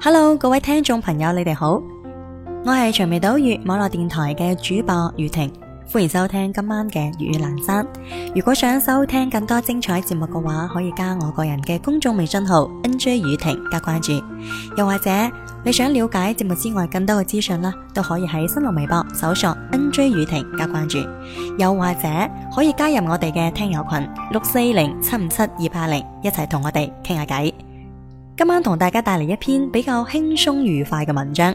Hello，各位聽眾朋友，你哋好，我係長尾島月網絡電台嘅主播雨婷。余歡迎收聽今晚嘅粵語闌山。如果想收聽更多精彩節目嘅話，可以加我個人嘅公眾微信號 N J 雨婷加關注。又或者你想了解節目之外更多嘅資訊啦，都可以喺新浪微博搜索 N J 雨婷加關注。又或者可以加入我哋嘅聽友群六四零七五七二八零，一齊同我哋傾下偈。今晚同大家帶嚟一篇比較輕鬆愉快嘅文章。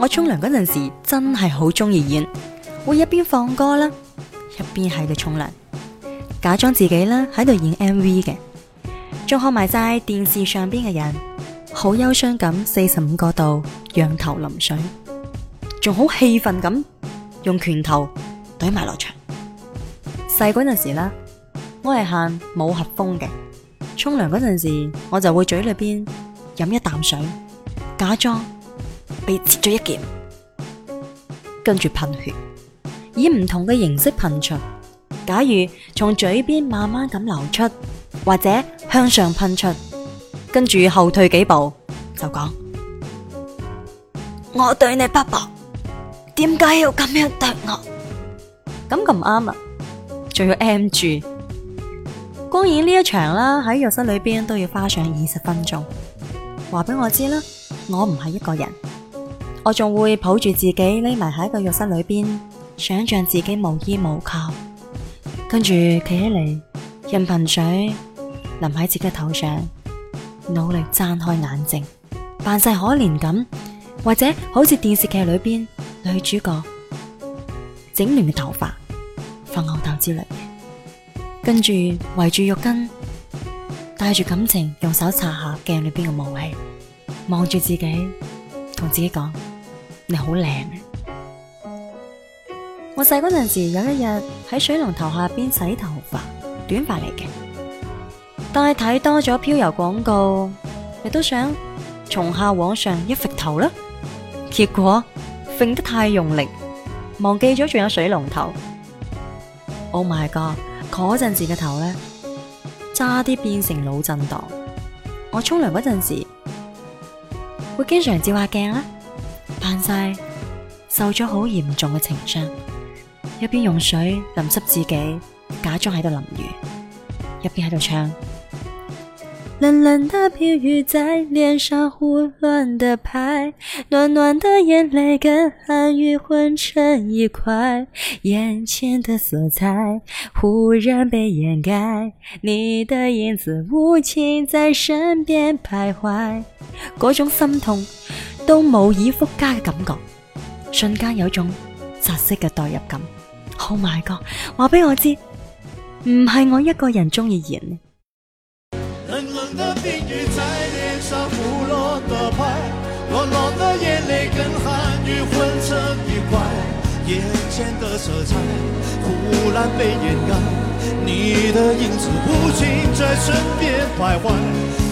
我沖涼嗰陣時真係好中意演，會一邊放歌啦，一邊喺度沖涼，假裝自己啦喺度演 MV 嘅，仲學埋晒電視上邊嘅人，好憂傷咁四十五個度仰頭淋水，仲好氣憤咁用拳頭懟埋落牆。細嗰陣時啦，我係行武俠風嘅，沖涼嗰陣時我就會嘴裏邊飲一啖水，假裝。被刺咗一箭，跟住噴血，以唔同嘅形式噴出。假如從嘴邊慢慢咁流出，或者向上噴出，跟住後退幾步就講：我對你不薄，點解要咁樣對我？咁咁唔啱啊！仲要 NG 住，光演呢一場啦，喺浴室裏邊都要花上二十分鐘。話俾我知啦，我唔係一個人。我仲會抱住自己，匿埋喺個浴室裏邊，想象自己無依無靠，跟住企起嚟，任憑水淋喺自己頭上，努力睜開眼睛，扮晒可憐咁，或者好似電視劇裏邊女主角，整亂嘅頭髮，發吽哣之類，跟住圍住浴巾，帶住感情，用手擦下鏡裏邊嘅霧氣，望住自己，同自己講。你好靚啊！我細嗰陣時有一日喺水龍頭下邊洗頭髮，短髮嚟嘅，但係睇多咗飄柔廣告，亦都想從下往上一甩頭啦。結果甩得太用力，忘記咗仲有水龍頭。Oh my god！嗰陣時嘅頭咧，差啲變成腦震盪。我沖涼嗰陣時，會經常照下鏡啦。噴晒，受咗好嚴重嘅情傷，一邊用水淋濕自己，假裝喺度淋雨，一邊喺度唱。冷冷的冰雨在臉上胡亂地拍，暖暖的眼淚跟寒雨混成一塊，眼前的色彩忽然被掩蓋，你的影子無情在身邊徘徊，嗰種心痛。都冇以複加嘅感覺，瞬間有種窒息嘅代入感。oh my god，話俾我知，唔係我一個人中意演。冷冷的冰雨在臉上胡亂地拍，落落的眼淚跟寒雨混成一塊，眼前的色彩忽然被掩蓋，你的影子無情在身邊徘徊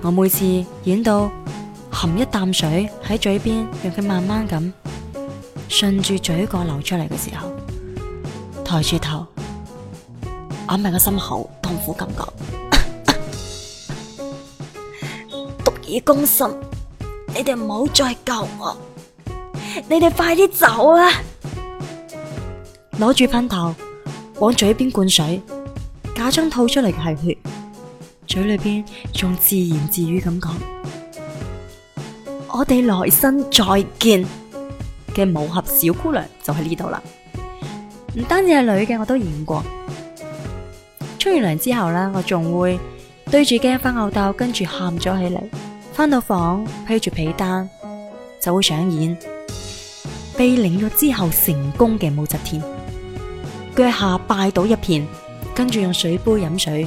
我每次演到含一啖水喺嘴邊，讓佢慢慢咁順住嘴角流出嚟嘅時候，抬住頭，揞埋個心口痛苦感覺，毒已攻心，你哋唔好再救我，你哋快啲走啊！攞住噴頭往嘴邊灌水，假裝吐出嚟嘅係血。嘴裏邊仲自言自語咁講，我哋來生再見嘅武俠小姑娘就喺呢度啦。唔單止係女嘅，我都演過。沖完涼之後呢，我仲會對住鏡翻吽哣，跟住喊咗起嚟。返到房披住被單，就會上演被凌辱咗之後成功嘅武則天。腳下拜倒一片，跟住用水杯飲水。